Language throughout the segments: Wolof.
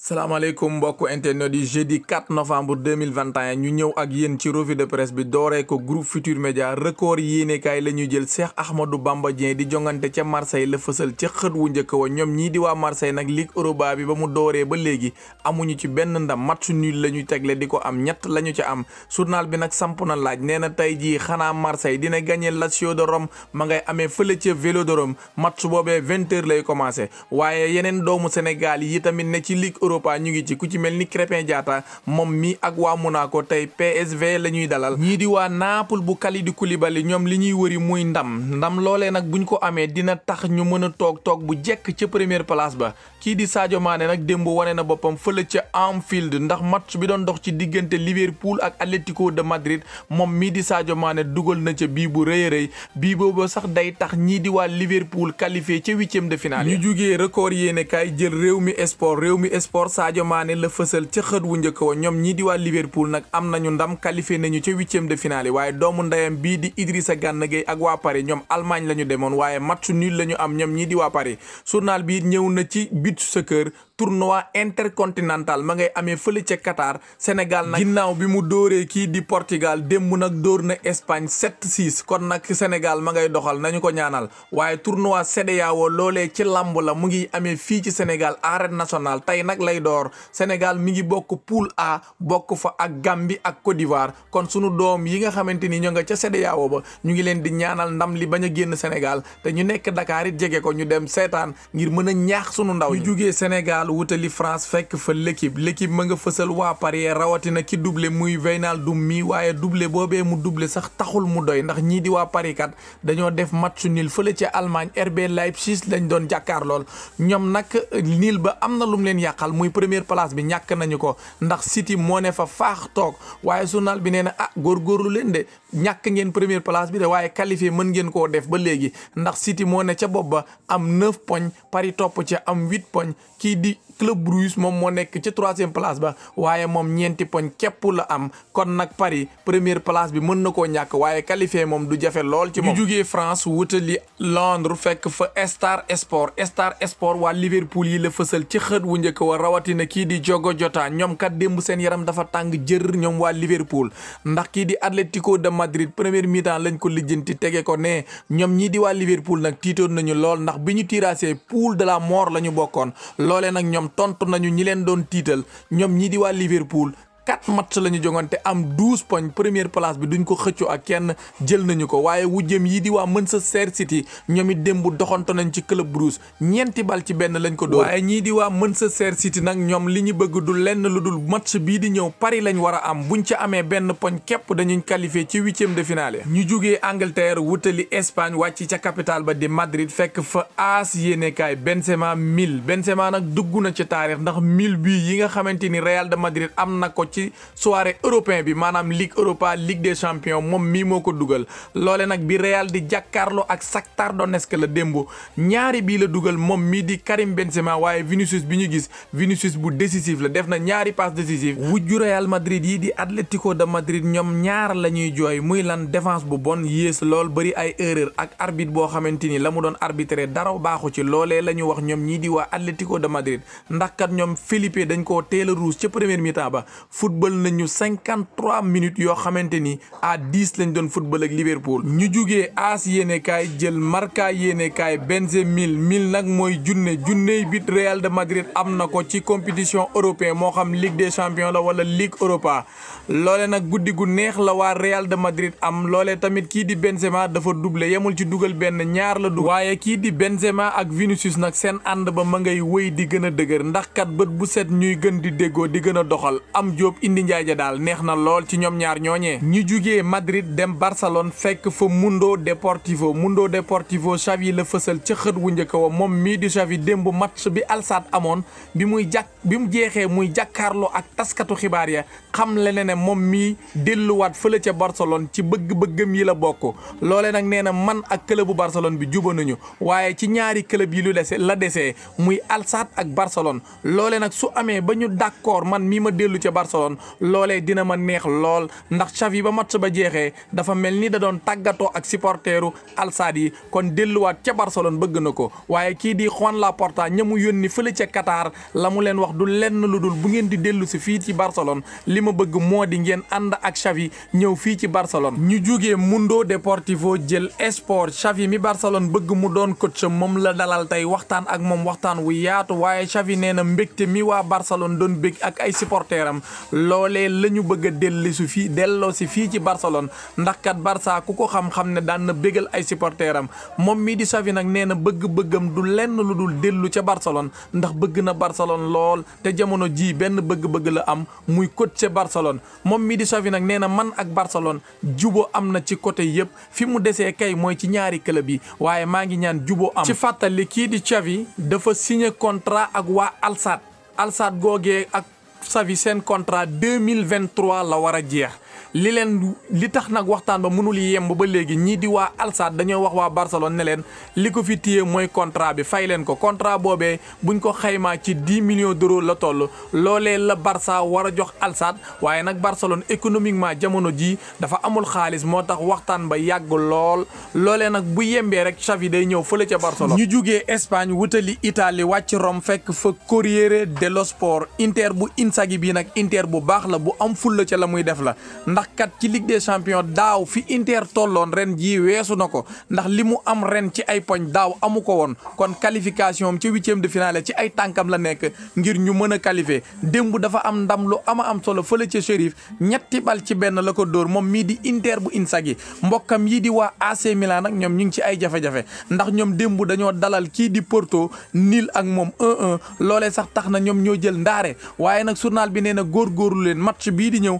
salaamaaleykum mbokku internet yi jeudi 4 novembre 2021 ñu ñëw ak yéen ci revue de presse bi dooree ko groupe Futur Média record yéenekaay la ñuy jël Cheikh Ahmadou Bamba Dieng di jongante ca Marseille la fësal ca xët wu njëkk wa ñoom ñii di waa Marseille nag Ligue Europa bi ba mu dooree ba léegi ñu ci benn ndam match nul la ñu tegle di ko am ñett la ñu ca am journal bi nag samp na laaj nee na tey jii xanaa Marseille dina gagné Lazio de Rome ma ngay amee fële ca Vélodrome match boobee 20 heures lay commencé waaye yeneen doomu Sénégal yi Europa ñu ngi ci ku ci mel ni Crépin Diatta moom mi ak waa Monaco tey PSV la ñuy dalal ñii di waa Naples bu Kalidou Koulibaly ñoom li ñuy wëri muy ndam ndam loolee nag buñ ko amee dina tax ñu mën a toog toog bu jekk ca première place ba kii di Sadio Mané nag démb wane na boppam fële ca Anfield ndax match bi doon dox ci diggante Liverpool ak Atlético de Madrid moom mii di Sadio Mané dugal na ca bii bu rëy a rëy bii boobu sax day tax ñii di waa Liverpool qualifié ca huitième de finale ñu jugee record yéene jël réew mi sport réew mi sport sport Sadio Mané la fësal ca xët wu njëkk wa ñoom ñii di waa Liverpool nag am nañu ndam qualifié nañu ca huitième de finale waaye doomu ndeyam bii di Idrissa Gana Gueye ak waa Paris ñoom Allemagne la demoon waaye match nul la am ñoom ñii di waa Paris journal bi ñëw na ci but soccer tournoi intercontinental ma ngay amee fële ca Qatar Sénégal nag ginnaaw bi mu dóoree kii di Portugal démb nag dóor na Espagne 7-6 kon nag Sénégal ma ngay doxal nañu ko ñaanal waaye la mu ngi amee fii lay door Sénégal mi ngi bokk poule A bokk fa ak Gambie ak Côte d'Ivoire kon sunu doom yi nga xamante ni ñoo nga ca CEDEAO ba ñu ngi leen di ñaanal ndam li bañ a génn Sénégal te ñu nekk Dakar it jege ko ñu dem seetaan ngir mën a ñaax sunu ndaw ñu jóge Sénégal wutali France fekk fa l'équipe l'équipe ma nga fësal waa Paris rawatina ki duble muy Wijnaldum mi waaye duble boobee mu doublé sax taxul mu doy ndax ñii di waa Paris kat dañoo def match nul fële ci Allemagne RB lañ doon jàkkaar muy première palace bi ñàkk nañu ko ndax siti moo ne fa fax toog waaye journal bi nee na ah góorgóorlu leen de ñàkk ngeen première palace bi de waaye qualifié mën ngeen koo def ba léegi ndax City moo ne ca bopp ba am neuf poñ Paris topp ca am huit poñ kii di. club Bruges moom moo nekk ci troisième place ba waaye moom ñeenti poñ képp la am kon nag Paris première place bi mën na koo ñàkk waaye qualifié moom du jafe lool ci moom. ñu jugee France wutali Londres fekk fa Star Sport Star Sport waa Liverpool yi la fësal ci xët wu njëkk wa rawatina kii di Diogo Jota ñoom kat démb seen yaram dafa tàng jër ñoom waa Liverpool ndax kii di Atlético de Madrid première mi-temps lañ ko lijjanti tege ko ne ñoom ñii di waa Liverpool nag tiitoon nañu lool ndax bi ñu tiraasee poule de la mort la ñu bokkoon loolee nag ñoom ñoom tontu nañu ñi leen doon tiital ñoom ñii di waa Liverpool quatre match la ñu jongante am douze points première place bi duñ ko xëccoo ak kenn jël nañu ko waaye wujjëm yi di waa Manchester City ñoom it démb doxanto nañ ci club Bruges ñeenti bal ci benn lañ ko dóor waaye ñii di waa Manchester City nag ñoom li ñu bëgg du lenn lu dul match bii di ñëw Paris lañ war a am buñ ci amee benn poñ képp dañuñ qualifié ci huitième de finale ñu jugee Angleterre wutali Espagne wàcc ca capitale ba di Madrid fekk fa aas yéenekaay Benzema mille Benzema nag dugg na ci taarix ndax mille bii yi nga xamante ni Real ci soirée européen bi maanaam Ligue Europa Ligue des champions moom mii moo ko dugal loole nag bi Real di jàkkaarloo ak Shakhtar Donetsk la démb ñaari bii la dugal moom mii di Karim Benzema waaye Vinicius bi ñu gis Vinicius bu décisif la def na ñaari passe décisive wujju Real Madrid yi di Atlético de Madrid ñoom ñaar la ñuy jooy muy lan défense bu bon yées lool bari ay erreur ak arbitre boo xamante ni la mu doon arbitré dara baaxu ci loole la ñu wax ñoom ñii di waa Atlético de Madrid ndax kat ñoom Felipe dañ koo teel a ruus ba football nañu cinquante trois minutes yoo xamante ni à dix lañ doon football ak Liverpool. ñu jugee aas yéene kaay jël marka yéene kaay benze mille mille nag mooy junne junney bit Real de Madrid am na ko ci compétition européen moo xam Ligue des champions la wala Ligue Europa. loole nag guddi gu neex la waa Real de Madrid am loole tamit kii di Benzema dafa doublé yemul ci dugal benn ñaar la dugal. waaye kii di Benzema ak Vinicius nag seen ànd ba ma ngay wéy di gën a dëgër ndax kat bët bu set ñuy gën di déggoo di gën a doxal indi njaay ja daal neex na lool ci ñoom ñaar ñooñee ñu jugee Madrid dem Barcelone fekk fa Mundo Deportivo Mundo Deportivo Xavi la fësal ca xët wu njëkk wa moom mii di Xavi démb match bi Alsaat amoon bi muy jàk bi mu jeexee muy jàkkaarloo ak taskatu xibaar ya xam lene ne moom mii delluwaat fële ca Barcelone ci bëgg-bëggam yi la bokk loole nag nee na man ak clubu Barcelone bi nañu waaye ci ñaari club yi lu dese la desee muy Alsaat ak Barcelone loole nag su amee ba ñu d'accord man mii ma dellu ca doon loolee dina ma neex lool ndax Xavi ba match ba jeexee dafa mel ni da doon tàggatoo ak supporteru alsaad yi kon delluwaat ca Barcelone bëgg na ko waaye kii di Juan Laporta ña mu yónni fële ca Qatar la mu leen wax du lenn lu dul bu ngeen di dellu si fii ci Barcelone li ma bëgg moo di ngeen ànd ak Xavi ñëw fii ci Barcelone ñu jóge mundoo Deportivo jël Esport Xavi mi Barcelone bëgg mu doon kot sa moom la dalal tey waxtaan ak moom waxtaan wu yaatu waaye Xavi nee na mbégte mi waa Barcelone doon bég ak ay supporteram loole la ñu bëgg a dellisu fii delloo si fii ci Barcelone ndax kat Barça ku ko xam-xam ne daan na bégal ay supporteram moom mii di Xavi nag nee na bëgg-bëggam du lenn lu dul dellu ca Barcelone ndax bëgg na Barcelone lool te jamono jii benn bëgg-bëgg la am muy coach ca Barcelone moom mii di Xavi nag nee na man ak Barcelone jubo am na ci côté yëpp fi mu desee kay mooy ci ñaari club yi waaye maa ngi ñaan jubo am ci fàttali kii di Xavi dafa signé contrat ak waa Alsat Alsat googee ak Xavi seen contrat deux mille vingt trois la war a jeex. li leen li tax nag waxtaan ba mënul yemb ba léegi ñii di waa Alsaat dañoo wax waa Barcelone ne leen li ko fi téye mooy contrat bi fay leen ko contrat boobee buñ ko xayma ci 10 millions d'euros la toll loolee la Barça war a jox Alsaat waaye nag Barcelone économiquement jamono jii dafa amul xaalis moo tax waxtaan ba yàgg lool loolee nag bu yembee rek Xavi day ñëw fële ca Barcelone. ñu jugee Espagne wutali li wàcc Rome fekk fa Corriere dello Sport Inter bu Inzaghi bi nag Inter bu baax la bu am fulla ca la muy def la. ndax kat ci Ligue des champions daaw fi Inter tolloon ren ji weesu na ko ndax li mu am ren ci ay poñ daaw amu ko woon kon qualification am ci huitième de finale ci ay tànkam la nekk ngir ñu mën a qualifier démb dafa am ndam lu ama am solo fële ca Shérif ñetti bal ci benn la ko dóor moom mii di Inter bu Inzaghi mbokkam yi di waa AC nag ñoom ñu ngi ci ay jafe-jafe ndax ñoom démb dañoo dalal kii di Porto nil ak moom 1 loole sax tax na ñoom ñoo jël ndaare waaye nag journal bi nee na góorgóorlu leen match bii di ñëw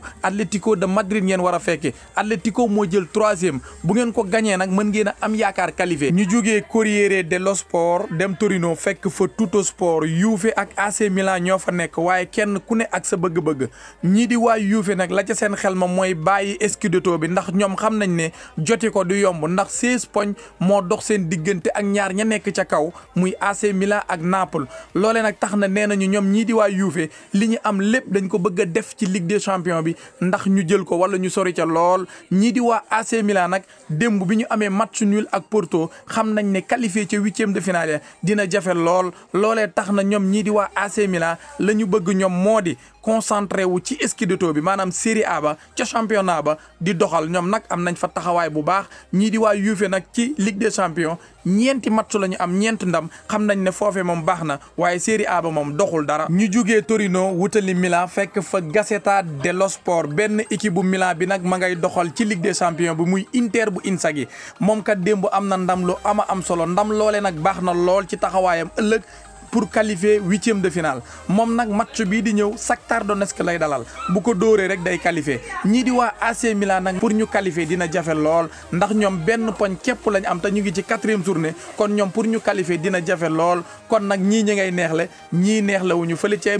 Madrid ngeen war a fekke Atlético moo jël troisième bu ngeen ko gañee nag mën ngeen am yaakaar qualifié ñu jógee Corriere dello Sport dem Torino fekk fa Tuttosport Juve ak AC Milan ñoo fa nekk waaye kenn ku ne ak sa bëgg-bëgg ñii di waa Juve nag la ca seen xel ma mooy bàyyi scudetto bi ndax ñoom xam nañ ne joti ko du yomb ndax 16 poñ moo dox seen diggante ak ñaar ña nekk ca kaw muy AC Milan ak Naples loole nag tax na nee nañu ñoom ñii di waa li ñu am lépp dañ ko bëgg a def ci Ligue des bi ndax jël wala ñu sori ca lool ñii di waa AC nag démb bi ñu amee match nul ak Porto xam nañ ne qualifié ca huitième de finale dina jafe lool loolee tax na ñoom ñii di waa AC Milan la ñu bëgg ñoom moo di concentré wu ci scudetto bi maanaam Serie aba ba ca championnat ba di doxal ñoom nag am nañ fa taxawaay bu baax ñii di waa Juve nag ci Ligue des Champions ñeenti match la ñu am ñeenti ndam xam nañ ne foofe moom baax na waaye Serie A moom doxul dara. ñu jugee Torino wutali Milan fekk fa Gazzetta dello Sport benn Milan bi nag ma ngay doxal ci Ligue des champions bi muy Inter bu Inzaghi moom kat démb am na ndam lu ama am solo ndam loole nag baax na lool ci taxawaayam ëllëg pour qualifier huitième de finale moom nag match bii di ñëw Shakhtar Donetsk lay dalal bu ko dóoree rek day qualifier ñii di waa AC Milan nag pour ñu qualifier dina jafe lool ndax ñoom benn poñ képp lañ am te ñu ngi ci quatrième journée kon ñoom pour ñu qualifier dina jafe lool kon nag ñii ñi ngay neexle ñii neexlewuñu fële ca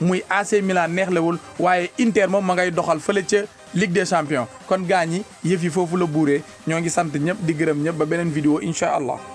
muy AC Milan neexlewul waaye Inter moom ma ngay doxal fële Ligue des champions kon gaa ñi yëf yi foofu la buuree ñoo ngi sant ñëpp di gërëm ñëpp ba beneen vidéo incha allah